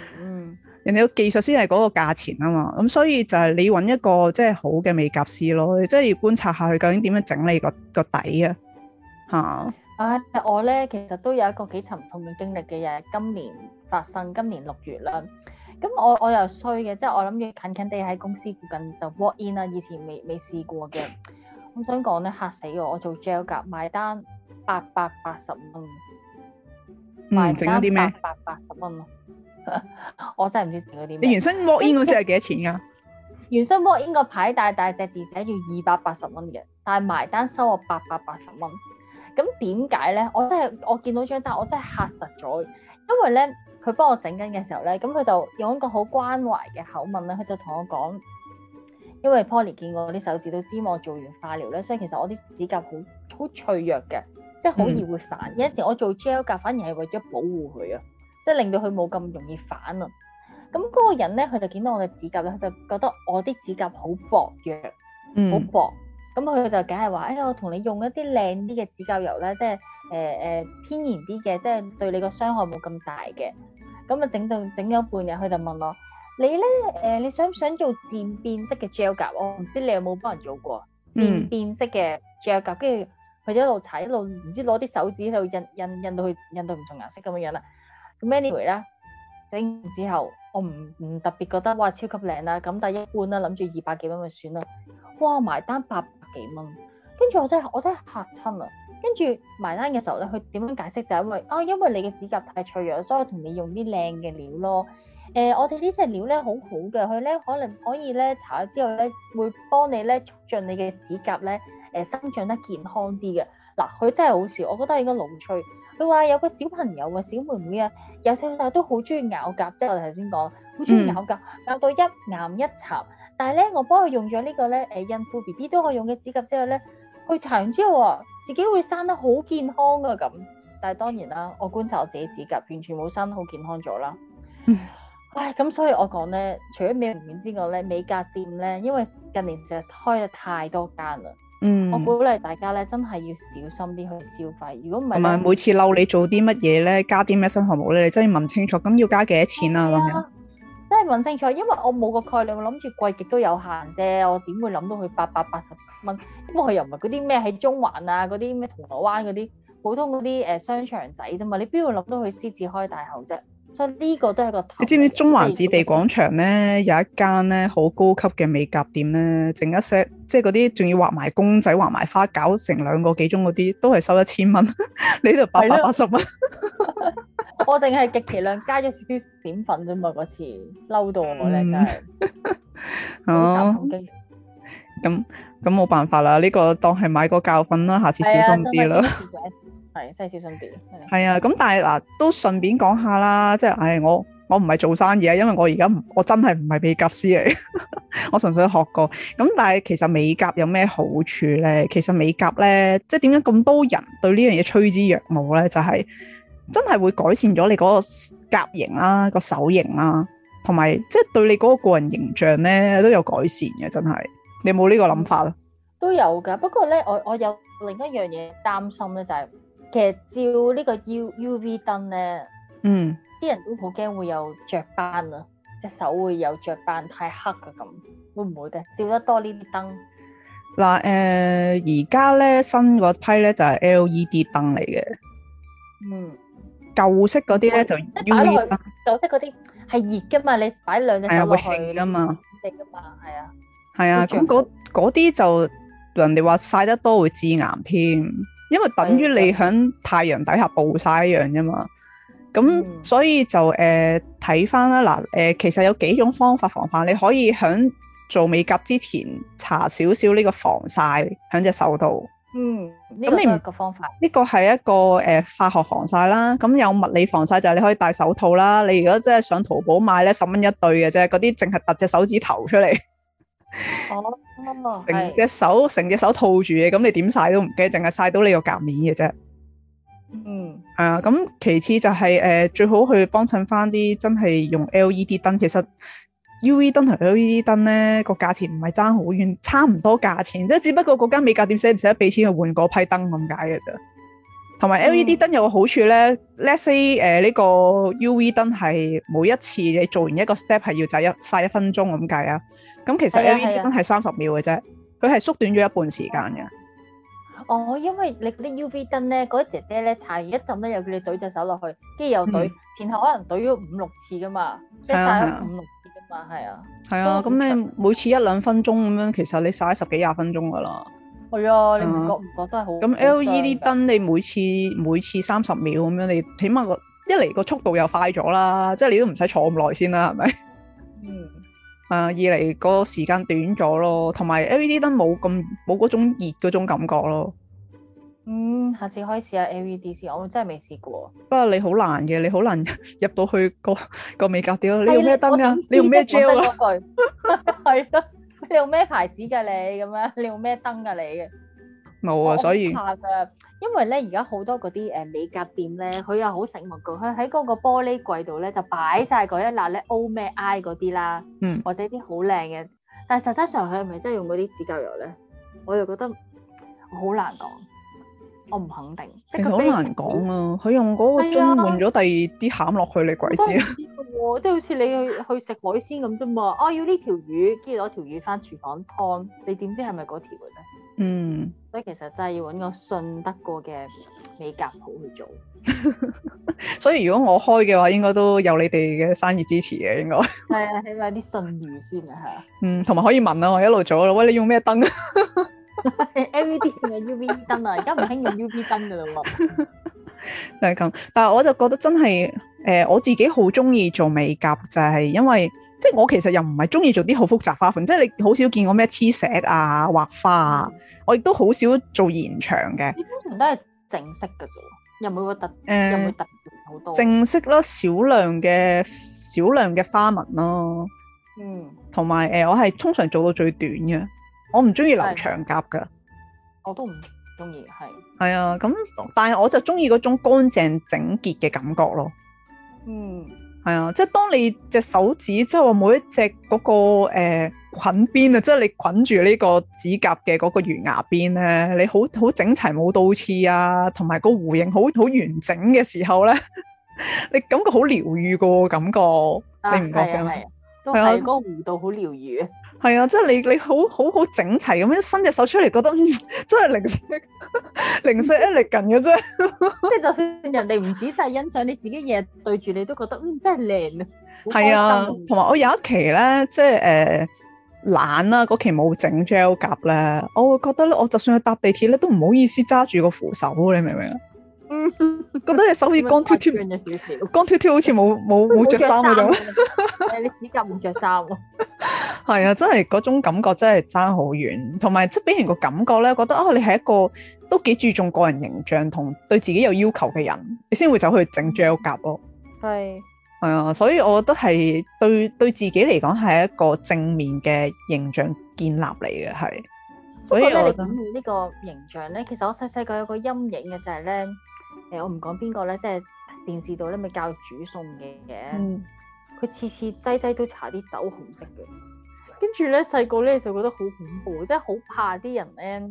人哋有技術先係嗰個價錢啊嘛，咁所以就係你揾一個即係好嘅美甲師咯，即係要觀察下佢究竟點樣整理個個底啊嚇！唉、啊，我咧其實都有一個幾沉痛嘅經歷嘅，嘢今年發生，今年六月啦。咁我我又衰嘅，即係我諗住近近地喺公司附近就 walk in 啦，以前未未試過嘅。咁想講咧，嚇死我，我做 gel 甲埋單八百八十蚊，買整緊啲咩？八百八十蚊咯。 我真係唔知食咗啲。你原生 walk in 嗰時係幾多錢噶？ 原生 walk in 個牌大大隻字寫要二百八十蚊嘅，但係埋單收我八百八十蚊。咁點解咧？我真係我見到張單，我真係嚇窒咗。因為咧，佢幫我整緊嘅時候咧，咁佢就用一個好關懷嘅口吻咧，佢就同我講，因為 Polly 見過我啲手指都知道我做完化療咧，所以其實我啲指甲好好脆弱嘅，即係好易會散，嗯。有陣時候我做 gel 甲反而係為咗保護佢啊。即係令到佢冇咁容易反啊！咁嗰個人咧，佢就見到我嘅指甲咧，佢就覺得我啲指甲好薄弱，嗯，好薄。咁佢就梗係話：誒、哎，我同你用一啲靚啲嘅指甲油咧，即係誒誒天然啲嘅，即係對你個傷害冇咁大嘅。咁啊，整到整咗半日，佢就問我：你咧誒、呃、你想唔想做漸變色嘅 gel 甲？我唔知你有冇幫人做過漸變色嘅 gel 甲，跟住佢就一路踩一路唔知攞啲手指喺度印印印，印到佢印到唔同顏色咁嘅樣啦。咁 anyway 咧，整完之後，我唔唔特別覺得哇超級靚啦，咁但係一般啦，諗住二百幾蚊咪算咯。哇埋單八百幾蚊，跟住我真係我真係嚇親啊！跟住埋單嘅時候咧，佢點樣解釋就係因為啊，因為你嘅指甲太脆弱，所以同你用啲靚嘅料咯。誒、呃，我哋呢隻料咧好好嘅，佢咧可能可以咧搽咗之後咧，會幫你咧促進你嘅指甲咧誒、呃、生長得健康啲嘅。嗱，佢真係好笑，我覺得應該濃翠。佢話有個小朋友啊，小妹妹啊，由細到大都好中意咬甲，即係我哋頭先講，好中意咬甲、嗯，咬到一癌一殘。但係咧，我幫佢用咗呢、這個咧，誒、欸、孕婦 B B 都可以用嘅指甲之後咧，佢搽完之後自己會生得好健康啊咁。但係當然啦，我觀察我自己指甲完全冇生得好健康咗啦、嗯。唉，咁所以我講咧，除咗美容院之外咧，美甲店咧，因為近年就開咗太多間啦。嗯，我鼓勵大家咧，真係要小心啲去消費。如果唔係，同埋每次嬲你做啲乜嘢咧，加啲咩新項目咧，你真係要問清楚。咁要加幾多錢啊？咁樣、啊、真係問清楚，因為我冇個概念，我諗住貴極都有限啫，我點會諗到佢八百八十蚊？因為佢又唔係嗰啲咩喺中環啊，嗰啲咩銅鑼灣嗰啲普通嗰啲誒商場仔啫嘛，你邊會諗到佢獅子開大口啫？所以呢個都係個頭。你知唔知中環置地廣場咧有一間咧好高級嘅美甲店咧，整一 set，即係嗰啲仲要畫埋公仔、畫埋花，搞成兩個幾鐘嗰啲，都係收一千蚊。 你呢度八百八十蚊。 我淨係極其量加咗少少閃粉啫嘛，嗰次嬲到我咧真係。咁咁冇辦法啦，呢、呢個當係買個教訓啦，下次小心啲啦。係真係小心啲。係啊，咁但係嗱，都順便講下啦，即係，唉，我我唔係做生意啊，因為我而家唔，我真係唔係美甲師嚟，我純粹學過。咁但係其實美甲有咩好處咧？其實美甲咧，即係點解咁多人對呢樣嘢趨之若鶩咧？就係真係會改善咗你嗰個甲型啦，個手型啦，同埋即係對你嗰個個人形象咧都有改善嘅，真係。你有冇呢個諗法啊？都有噶，不過咧，我我有另一樣嘢擔心咧，就係。其實照呢個 U U V 燈咧，嗯，啲人都好驚會有雀斑啊，隻手會有雀斑太黑噶，咁，會唔會嘅？照得多呢啲燈嗱，誒，而家咧新嗰批咧就係 L E D 燈嚟嘅，嗯，舊、嗯、式嗰啲咧就 U V 舊式嗰啲係熱噶嘛，你擺兩隻手落去係會熱噶嘛，熱噶嘛，係啊，係啊，咁嗰啲就人哋話曬得多會致癌添。因為等於你響太陽底下暴晒一樣啫嘛，咁、嗯、所以就誒睇翻啦嗱，誒、呃呃、其實有幾種方法防範，你可以響做美甲之前搽少少呢個防晒喺隻手度。嗯，咁你唔個方法呢、這個係一個誒、呃、化學防晒啦，咁有物理防晒就係你可以戴手套啦。你如果真係上淘寶買咧，十蚊一對嘅啫，嗰啲淨係突隻手指頭出嚟。哦，成隻手，成隻手套住嘅，咁你點曬都唔驚，淨係曬到呢個甲面嘅啫。嗯，係啊。咁其次就係、是、誒、呃，最好去幫襯翻啲真係用 L E D 燈。其實 U V 燈同 L E D 燈咧個價錢唔係爭好遠，差唔多價錢。即係只不過嗰間美甲店使唔使俾錢去換嗰批燈咁解嘅啫。同埋 L E D 燈有個好處咧、嗯、，let’s say 誒、呃、呢、這個 U V 燈係每一次你做完一個 step 係要就一曬一分鐘咁計啊。咁其實 L E D 燈係三十秒嘅啫，佢係、啊啊、縮短咗一半時間嘅。哦，因為你啲 U V 燈咧，嗰、那、啲、個、姐姐咧擦完一陣咧，又叫你懟隻手落去，跟住又懟、嗯，前後可能懟咗五六次噶嘛，即係擦咗五六次噶嘛，係啊，係啊。係啊，咁你每次一兩分鐘咁樣，其實你曬十幾廿分鐘噶啦。係啊，你唔覺唔覺得係好？咁 L E D 燈你每次每次三十秒咁樣，你起碼個一嚟個速度又快咗啦，即、就、係、是、你都唔使坐咁耐先啦，係咪？嗯。啊、uh，二嚟個時間短咗咯，同埋 LED 燈冇咁冇嗰種熱嗰種感覺咯。嗯，下次可以試下 LED 先，我真係未試過。不過你好難嘅，你好難入到去個個美甲啲你用咩燈？、啊啊、 燈啊？你用咩 gel 啊？你用咩牌子噶？你咁樣，你用咩燈噶？你嘅？啊、所以，很因為咧，而家好多嗰啲誒美甲店咧，佢又好醒目噶，佢喺嗰個玻璃櫃度咧就擺晒嗰一欄咧 O 咩 I 嗰啲啦，嗯，或者啲好靚嘅，但係實際上佢係咪真係用嗰啲指甲油咧？我又覺得好難講，我唔肯定。其實好難講啊，佢用嗰個樽換咗第二啲餡落去，啊、你鬼知，知啊！即係好似你去去食海鮮咁啫嘛，哦、 啊、要呢條魚，跟住攞條魚返廚房劏，你點知係咪嗰條嘅啫？嗯，所以其實真係要揾個信得過嘅美甲鋪去做。 所以如果我開嘅話，應該都有你哋嘅生意支持嘅，應該係 啊，起碼啲信譽先啊，係啊，嗯，同埋可以問啊，我一路做咯。喂，你用咩燈啊？L V D 定係 U V 燈啊，而家唔興用 U V 燈噶啦。係 咁，但係我就覺得真係，誒、呃，我自己好中意做美甲，就係、是、因為即係、就是、我其實又唔係中意做啲好複雜花款，即、就、係、是、你好少見過咩黐石啊、畫花啊。我亦都好少做延長嘅，通常都係正式嘅啫，又冇特別，又、呃、冇特別好多。正式咯，少量嘅少量嘅花紋咯。嗯，同埋誒，我係通常做到最短嘅，我唔中意留長甲噶。我都唔中意，係。係啊，咁但係我就中意嗰種乾淨整潔嘅感覺咯。嗯，係啊，即係當你隻手指即係話每一隻嗰、那個、呃捆邊啊！即、就、係、是、你捆住呢個指甲嘅嗰個魚牙邊咧，你好好整齊冇倒刺啊，同埋個弧形好好完整嘅時候咧，你感覺好療愈嘅感覺，你唔覺嘅咩？係啊，嗰、啊啊、個弧度好療愈啊！係、就、啊、是，即係你你好好好整齊咁樣伸隻手出嚟，覺得、嗯、真係零舍零舍一力近嘅啫。即係就算人哋唔仔細欣賞，你自己日日對住你都覺得嗯真係靚啊！係啊，同埋我有一期咧，即係誒。呃懶啦，嗰期冇整 gel 甲咧，我會覺得咧，我就算去搭地鐵咧，都唔好意思揸住個扶手，你明唔明 啊？嗯，覺得你隻手好似光禿禿，變咗少少，光禿禿好似冇冇冇着衫咁。誒，你指甲冇着衫啊？係啊，真係嗰種感覺真係差好遠，同埋即係俾人個感覺咧，覺得啊，你係一個都幾注重個人形象同對自己有要求嘅人，你先會走去整 gel 甲咯。係。係、嗯、啊，所以我都係對對自己嚟講係一個正面嘅形象建立嚟嘅。係，所以我覺得你正面呢個形象咧，其實我細細個有個陰影嘅就係、是、咧，誒、呃，我唔講邊個咧，即、就、係、是、電視度咧咪教煮餸嘅嘅，佢、嗯、次次劑劑都搽啲酒紅色嘅，跟住咧細個咧就覺得好恐怖，即係好怕啲人咧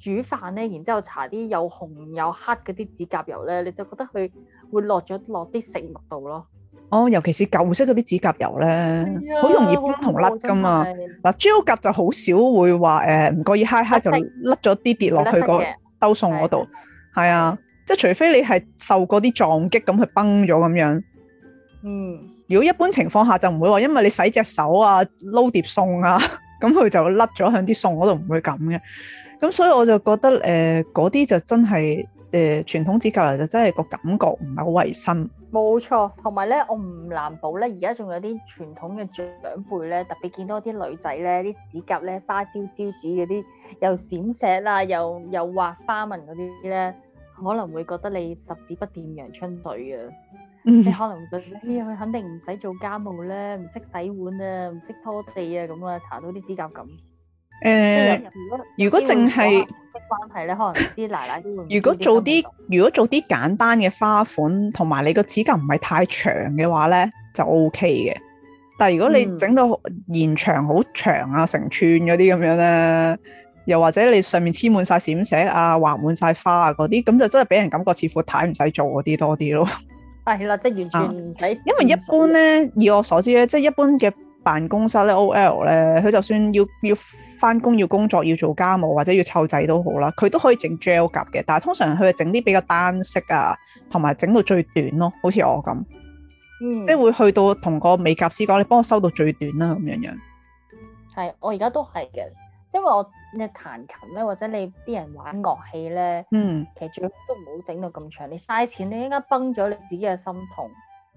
煮飯咧，然之後搽啲又紅又黑嗰啲指甲油咧，你就覺得佢會落咗落啲食物度咯。哦，尤其是舊式嗰啲指甲油咧，好、啊、容易崩同甩噶嘛。嗱，Gel 甲就好少會話誒唔覺意嗨嗨就甩咗啲跌落去個兜餸嗰度，係啊，即係除非你係受嗰啲撞擊咁去崩咗咁樣。嗯，如果一般情況下就唔會話，因為你洗隻手啊、撈碟餸啊，咁佢就甩咗向啲餸嗰度，唔會咁嘅。咁所以我就覺得誒嗰啲就真係誒、呃、傳統指甲油就真係個感覺唔係好衞生。冇錯，同埋咧，我唔難保咧，而家仲有啲傳統嘅長輩咧，特別見到啲女仔咧，啲指甲咧花椒椒子嗰啲，又閃石啊，又又畫花紋嗰啲咧，可能會覺得你十指不沾陽春水啊。你 可能會覺得，咦，佢肯定唔使做家務啦，唔識洗碗啊，唔識拖地啊，咁啊，搽到啲指甲咁。誒、呃，如果如果淨係關係咧，可能啲奶奶啲，如果做啲如果做啲簡單嘅花款，同埋你個指甲唔係太長嘅話咧，就 O K 嘅。但係如果你整到延長好長啊，嗯、成串嗰啲咁樣咧，又或者你上面黐滿晒閃石啊，畫滿晒花啊嗰啲，咁就真係俾人感覺似乎太唔使做嗰啲多啲咯。係啦，即、就、係、係、完全唔使、啊。因為一般咧，以我所知咧，即係一般嘅。辦公室咧，OL 咧，佢就算要要翻工，要工作，要做家務或者要湊仔都好啦，佢都可以整 gel 夾嘅。但係通常佢係整啲比較單色啊，同埋整到最短咯，好似我咁，嗯，即係會去到同個美甲師講，你幫我收到最短啦咁樣樣。係，我而家都係嘅，因為我你彈琴咧，或者你啲人玩樂器咧，嗯，其實最好都唔好整到咁長，你嘥錢，你應該崩咗你自己嘅心痛。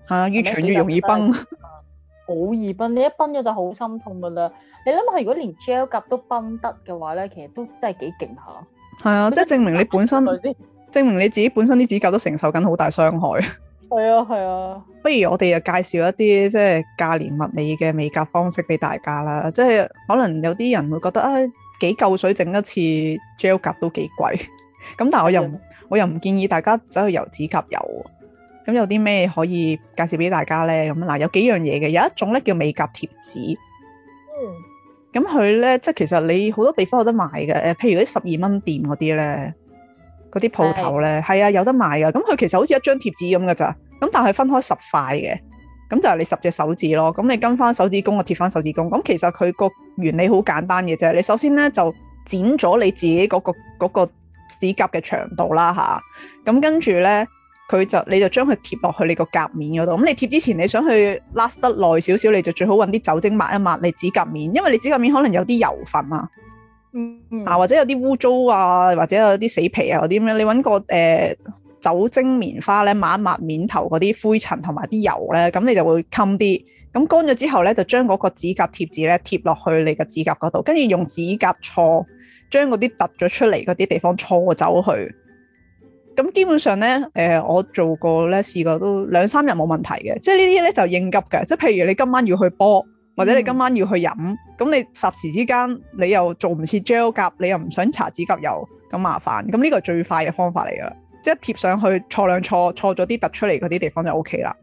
係啊，越長越容易崩。嗯好易崩，你一崩咗就好心痛噶、啊、啦！你諗下，如果連 gel 甲都崩得嘅話咧，其實都真係幾勁下。係啊，即係證明你本身咳咳，證明你自己本身啲指甲都承受緊好大傷害。係啊係啊，不如我哋又介紹一啲即係價廉物美嘅美甲方式俾大家啦。即係可能有啲人會覺得啊、哎，幾嚿水整一次 gel 甲都幾貴。咁但係我又唔我又唔建議大家走去油指甲油。咁有啲咩可以介紹俾大家咧？咁嗱，有幾樣嘢嘅，有一種咧叫美甲貼紙。嗯，咁佢咧即係其實你好多地方有得賣嘅，誒，譬如啲十二蚊店嗰啲咧，嗰啲鋪頭咧，係啊，有得賣噶。咁佢其實好似一張貼紙咁㗎咋，咁但係分開十塊嘅，咁就係你十隻手指咯。咁你跟翻手指公啊，我貼翻手指公。咁其實佢個原理好簡單嘅啫。你首先咧就剪咗你自己嗰個嗰個指甲嘅長度啦吓，咁、啊、跟住咧。佢就你就將佢貼落去你個甲面嗰度。咁你貼之前你想去 last 得耐少少，你就最好揾啲酒精抹一抹你指甲面，因為你指甲面可能有啲油份啊，啊或者有啲污糟啊，或者有啲、啊、死皮啊，嗰啲。你揾個誒、呃、酒精棉花咧抹一抹面頭嗰啲灰塵同埋啲油咧，咁你就會冚啲。咁乾咗之後咧，就將嗰個指甲貼紙咧貼落去你個指甲嗰度，跟住用指甲搓，將嗰啲凸咗出嚟嗰啲地方搓走去。咁基本上咧，誒、呃、我做過咧試過都兩三日冇問題嘅，即係呢啲咧就應急嘅，即係譬如你今晚要去波，或者你今晚要去飲，咁、嗯、你霎時之間你又做唔切 gel 甲，你又唔想搽指甲油咁麻煩，咁呢個最快嘅方法嚟噶啦，即係貼上去，銼兩銼，銼咗啲突出嚟嗰啲地方就 OK 啦。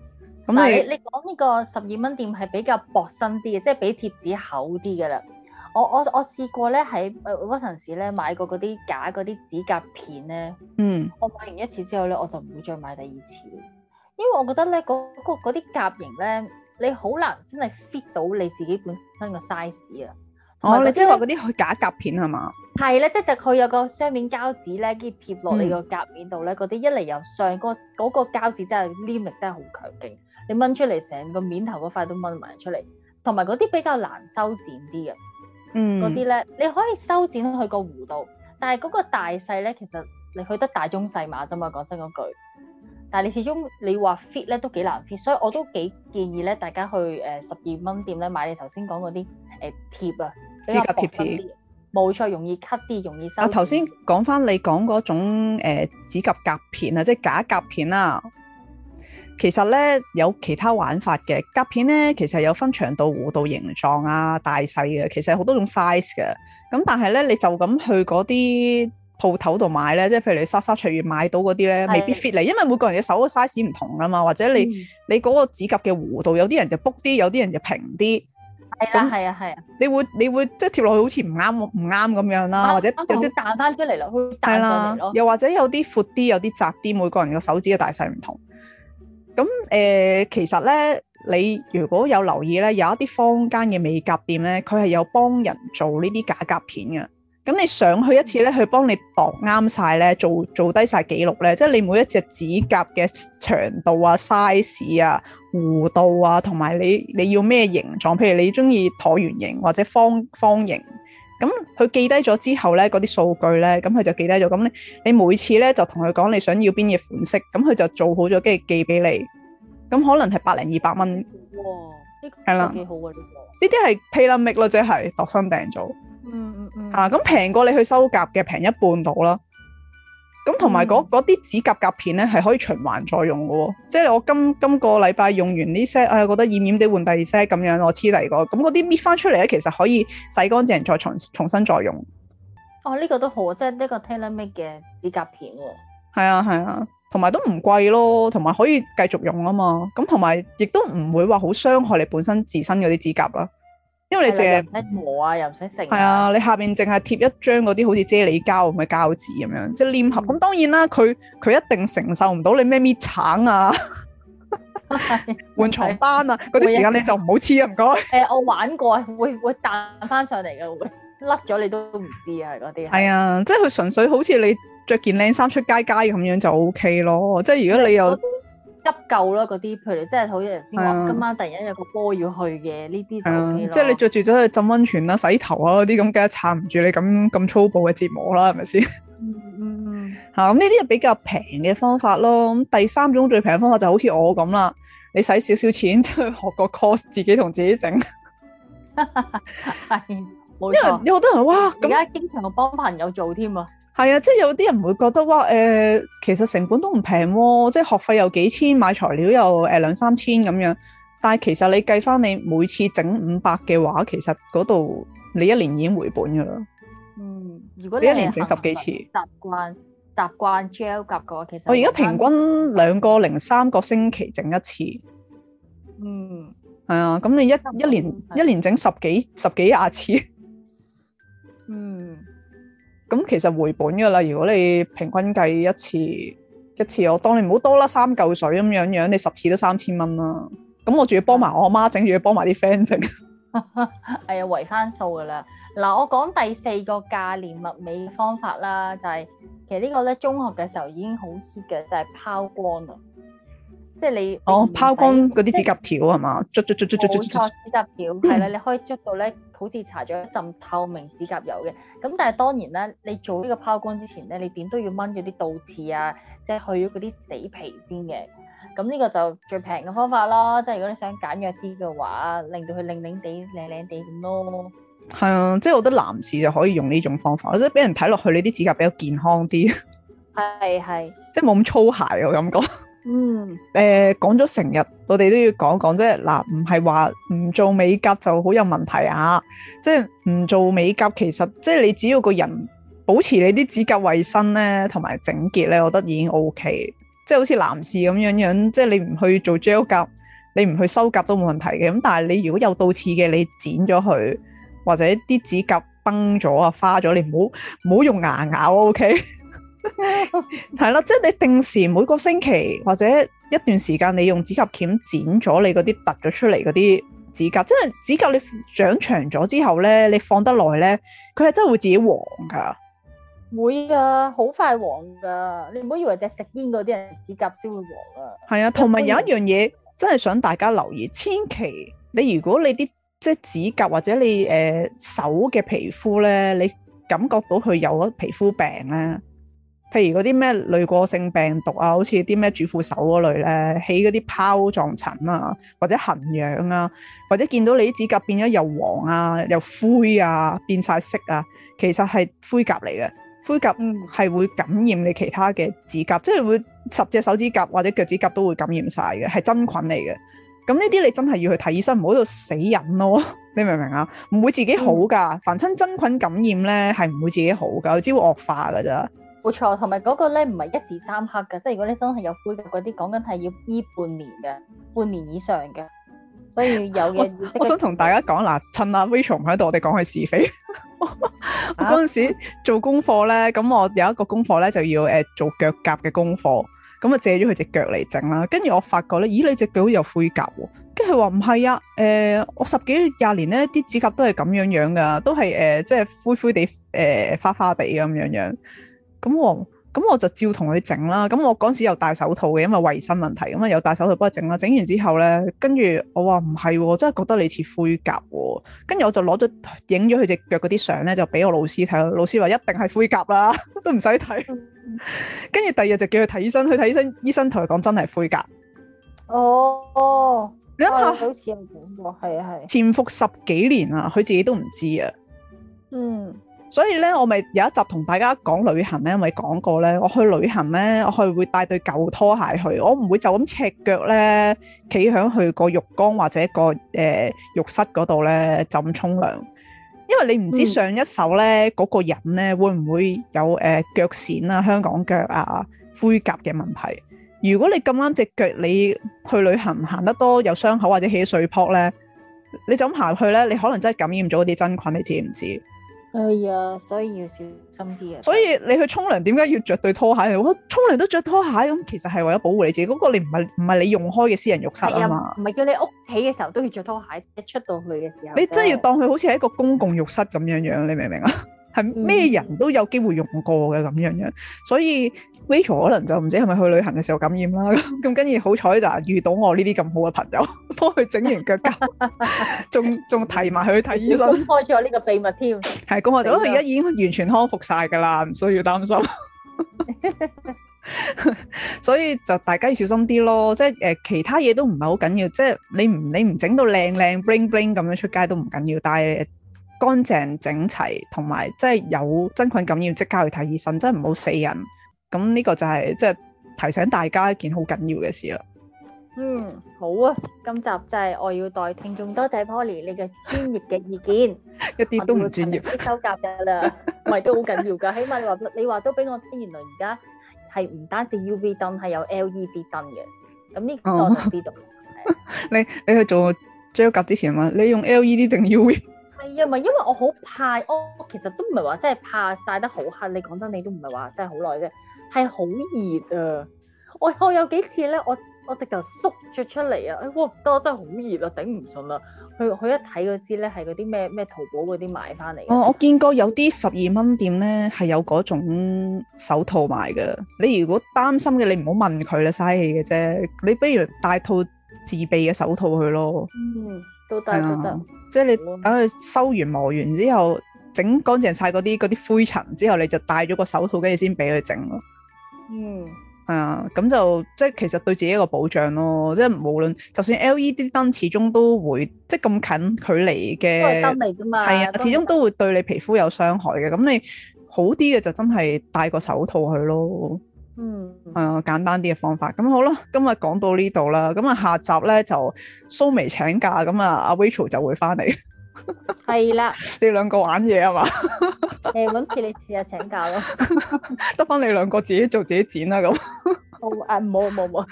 咁你你講呢個十二蚊店係比較薄身啲嘅，即、就、係、是、比貼紙厚啲噶啦。我我我試過咧喺誒屈臣氏咧買過嗰啲假嗰啲指甲片咧，嗯，我買完一次之後咧我就唔會再買第二次，因為我覺得咧嗰啲甲型咧你好難真係 fit 到你自己本身個 size 啊。同埋哦，你即係話嗰啲假甲片係嘛？係咧，即係佢有個雙面膠紙咧，跟住貼落你個甲面度咧，嗰、嗯、啲一嚟又上個嗰、嗰個膠紙真係黏力真係好強勁，你掹出嚟成個面頭嗰塊都掹埋出嚟，同埋嗰啲比較難修剪啲嘅。嗰啲咧，你可以修剪去個弧度，但係嗰個大細咧，其實你去得大中細碼啫嘛。講真嗰句，但係你始終你話 fit 咧都幾難 fit，所以我都幾建議咧大家去誒十二蚊店咧買你頭先講嗰啲誒貼啊，指甲貼紙，冇錯，容易 cut 啲，容易收。啊，頭先講翻你講嗰種、呃、指甲甲片啊，即係假甲片啊。其實咧有其他玩法嘅甲片咧，其實有分長度、弧度、形狀啊、大細嘅，其實好多種 size 嘅。咁但係咧，你就咁去嗰啲鋪頭度買咧，即係譬如你沙沙隨意買到嗰啲咧，未必 fit 嚟，因為每個人嘅手嘅 size 唔同啊嘛。或者你、嗯、你嗰個指甲嘅弧度，有啲人就 book 啲，有啲人就平啲。係啊係啊係啊！你會你會即係貼落去好似唔啱唔啱咁樣啦、啊，或者有啲彈翻出嚟啦，又或者有啲闊啲，有啲窄啲，每個人嘅手指嘅大細唔同。咁誒、呃，其實咧，你如果有留意咧，有一啲坊間嘅美甲店咧，佢係有幫人做呢啲假甲片嘅。咁你上去一次咧，佢幫你度啱晒咧，做做低晒記錄咧，即係你每一隻指甲嘅長度啊、size 啊、弧度啊，同埋你你要咩形狀？譬如你中意橢圓形或者方方形。咁佢記低咗之後咧，嗰啲數據咧，咁佢就記低咗。咁你你每次咧就同佢講你想要邊嘅款式，咁佢就做好咗，跟住寄俾你。咁可能係百零二百蚊。哇！呢個係幾好啊！呢個呢啲係 tailor made 咯，即係度身訂造。嗯嗯嗯。啊，咁平過你去收夾嘅平一半到啦。咁同埋嗰啲指甲甲片咧，係可以循環再用喎。即、就、係、是、我今今個禮拜用完呢 set，哎，覺得奄奄地換第二 set 咁樣，我黐第二個咁嗰啲搣翻出嚟咧，那那其實可以洗乾淨再重重新再用。哦，呢、這個都好，即係呢個 Telemate 嘅指甲片喎。係啊係啊，同埋、啊、都唔貴咯，同埋可以繼續用啊嘛。咁同埋亦都唔會話好傷害你本身自身嗰啲指甲啦。因為你淨係磨啊，又唔使成係啊，你下面淨係貼一張嗰啲好似啫喱膠咁嘅膠紙咁樣，即係黏合。咁、嗯、當然啦，佢佢一定承受唔到你咩搣橙啊，換 床單啊，嗰啲時間你就唔好黐唔該。誒、欸，我玩過、啊，會會彈翻上嚟噶，甩咗你都唔知啊，嗰啲。係啊，即係佢純粹好似你着件靚衫出街街咁樣就 O、OK、K 咯。即係如果你又。急救咯，嗰啲譬如真係好似頭先話，今晚突然間有個波要去嘅，呢啲就即係你着住走去浸溫泉啦、洗頭啊嗰啲咁，梗係撐唔住你咁咁粗暴嘅折磨啦，係咪先？嗯，嚇咁呢啲就比較平嘅方法咯。咁第三種最平方法就好似我咁啦，你使少少錢出去學個 course，自己同自己整。 係冇錯。因為有好多人哇，而家經常我幫朋友做添啊。係啊，即係有啲人唔會覺得話，誒，其實成本都唔平喎，即係學費又幾千，買材料又誒兩三千咁樣。但係其實你計翻你每次整五百嘅話，其實嗰度你一年已經回本噶啦。嗯，如果你一年整十幾次，習慣習慣 gel 夾嘅話，其實我而家平均兩個零三個星期整一次。嗯，係啊，咁你一一年一年整十,十幾十幾廿次。嗯。咁其實回本噶啦，如果你平均計一次一次，我當你唔好多啦三嚿水咁樣樣，你十次都三千蚊啦。咁我仲要幫埋我阿媽整，仲要幫埋啲 friend 整。係 啊、 哎，圍返數噶啦。嗱，我講第四個價廉物美方法啦，就係、是、其實這個呢個咧，中學嘅時候已經好 hit 嘅，就係、是、拋光啦。即係你哦拋光嗰啲指甲條係嘛，捽捽捽捽捽捽，冇錯，指甲條係 啦，你可以捽到咧，好似搽咗一浸透明指甲油嘅。咁但係當然咧，你做呢個拋光之前咧，你點都要掹咗啲倒刺啊，即係去咗嗰啲死皮先嘅。咁呢個就最平嘅方法咯。即係如果你想簡約啲嘅話，令到佢靚靚地靚靚地咁咯。係啊，即係我覺得男士就可以用呢種方法，或者俾人睇落去你啲指甲比較健康啲。係 係，即係冇咁粗鞋、啊、我感覺。嗯，誒，講咗成日，我哋都要講講啫。嗱，唔係話唔做美甲就好有問題啊。即係唔做美甲，其實即係你只要個人保持你啲指甲衛生咧，同埋整潔咧，我覺得已經 OK。即係好似男士咁樣樣，即係你唔去做 gel 甲，你唔去修甲都冇問題嘅。咁但係你如果有倒刺嘅，你剪咗佢，或者啲指甲崩咗啊、花咗，你唔好唔好用牙咬，OK。係 啦、 啊，即、就、係、是、你定時每個星期或者一段時間，你用指甲鉗剪咗你嗰啲凸咗出嚟嗰啲指甲，即係指甲你長長咗之後咧，你放得耐咧，佢係真係會自己黃噶，會噶，好快黃噶，你唔好以為只食煙嗰啲人指甲先會黃啊，係啊，同埋有，有一樣嘢真係想大家留意，千祈你如果你啲即係指甲或者你誒手嘅皮膚咧，你感覺到佢有咗皮膚病咧。譬如嗰啲咩濾過性病毒啊，好似啲咩主婦手嗰類咧，起嗰啲泡狀疹啊，或者痕癢啊，或者見到你指甲變咗又黃啊、又灰啊、變晒色啊，其實係灰甲嚟嘅。灰甲係係會感染你其他嘅指甲，嗯、即係會十隻手指甲或者腳趾甲都會感染晒嘅，係真菌嚟嘅。咁呢啲你真係要去睇醫生，唔好到死人咯， 你明唔明啊？唔會自己好噶，凡、嗯、親真菌感染咧係唔會自己好噶，只會惡化噶咋。冇錯，同埋嗰個咧唔係一時三刻噶，即係如果你真係有灰甲嗰啲，講緊係要醫半年嘅，半年以上嘅。所以有嘢，我想同大家講嗱，趁阿 Rachel 唔喺度，我哋講下是非。嗰 陣時做功課咧，咁我有一個功課咧就要誒做腳甲嘅功課，咁啊，借咗佢隻腳嚟整啦。跟住我發覺咧，咦，你隻腳好似有灰甲喎？跟住佢話唔係啊，誒、呃、我十幾廿年咧啲指甲都係咁樣樣噶，都係誒即係灰灰地誒、呃、花花地咁樣樣。咁我咁我就照同佢整啦。咁我嗰陣時又戴手套嘅，因為衛生問題。咁啊又戴手套幫佢整啦。整完之後咧，跟住我話唔係喎，真係覺得你似灰甲喎、哦。跟住我就攞咗影咗佢隻腳嗰啲相咧，就俾我老師睇。老師話一定係灰甲啦，都唔使睇。跟、嗯、住第二日就叫佢睇醫生，去睇醫生。醫生同佢講真係灰甲。哦，哦你諗下、哦、好似有影過，係、哦、係。潛伏十幾年啊，佢自己都唔知啊。所以咧，我咪有一集同大家講旅行咧，咪講過咧，我去旅行咧，我去會帶對舊拖鞋去，我唔會就咁赤腳咧，企喺去個浴缸或者個浴室嗰度咧，就咁沖涼。因為你唔知上一手咧，嗰個人咧會唔會有腳癬啊、香港腳啊、灰甲嘅問題？如果你咁啱隻腳，你去旅行行得多有傷口或者起水泡咧，你就咁行去咧，你可能真係感染咗啲真菌，你知唔知？哎呀，所以要小心啲啊！所以你去沖涼點解要着對拖鞋？我沖涼都着拖鞋咁，其實係為咗保護你自己。嗰、那個你唔係唔係你用開嘅私人浴室啊嘛？唔係叫你屋企嘅時候都要着拖鞋，一出到去嘅時候，你真係要當佢好似係一個公共浴室咁樣樣，你明唔明啊？ 係咩人都有機會用過嘅咁樣樣，所以 Rachel 可能就唔知係咪去旅行嘅時候感染啦。咁跟住好彩就遇到我呢啲咁好嘅朋友，幫佢整完腳甲，仲 仲提埋去睇醫生，開咗呢個秘密添。係咁，我哋佢而家已經完全康復晒噶啦，唔需要擔心。 所以就大家要小心啲咯，即係誒，其他嘢都唔係好緊要，即係你唔你唔整到靚靚 bling bling 咁樣出街都唔緊要，但係。乾淨整齊，同埋即係有真菌感染，即刻去睇醫生，真係唔好死人。咁呢個就係、是、即係提醒大家一件好緊要嘅事啦。嗯，好啊，今集就係我要代聽眾多謝 Polly 你嘅專業嘅意見， 一啲都唔專業。 修甲噶啦，唔 係都好緊要噶，起碼你話你話都俾我聽，原來而家係唔單止 U V 燈係有 L E D 燈嘅，咁呢個我就知道。哦、 你你去做 gel 甲之前嘛，你用 L E D 定 U V？因為因為我好怕我，我其實都唔係話真係怕曬得好黑。你講真，你都唔係話真係好耐啫，係好熱啊！我我有幾次咧，我我直頭縮著出嚟啊！哎，哇，唔得，真係好熱啊，頂唔順啊！佢佢一睇嗰支咧係嗰啲咩咩淘寶嗰啲買翻嚟。哦，我見過有啲十二蚊店咧係有嗰種手套賣㗎。你如果擔心嘅，你唔好問佢啦，嘥氣嘅啫。你不如戴套自備嘅手套去咯。嗯。係啊，都得即係你等佢收完磨完之後，整乾淨晒嗰啲啲灰塵之後，你就戴咗個手套，跟住先俾佢整咯。嗯，係啊，咁就即係其實對自己一個保障咯。即係無論就算 L E D 燈，始終都會即係咁近距離嘅燈嚟噶嘛。係啊，始終都會對你皮膚有傷害嘅。咁你好啲嘅就真係戴個手套去咯。嗯，誒、嗯，簡單啲嘅方法，咁好啦，今日講到呢度啦，咁啊下集咧，就蘇媚請假，咁啊阿 Rachel 就會翻嚟，係啦，你兩個玩嘢吖嘛？誒、欸，搵次你試下請假咯，得 翻你兩個自己做自己剪啦咁，好、哦、啊，冇冇冇，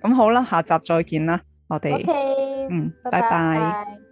咁、 啊、 好啦，下集再見啦，我哋，okay, 嗯，拜拜。Bye bye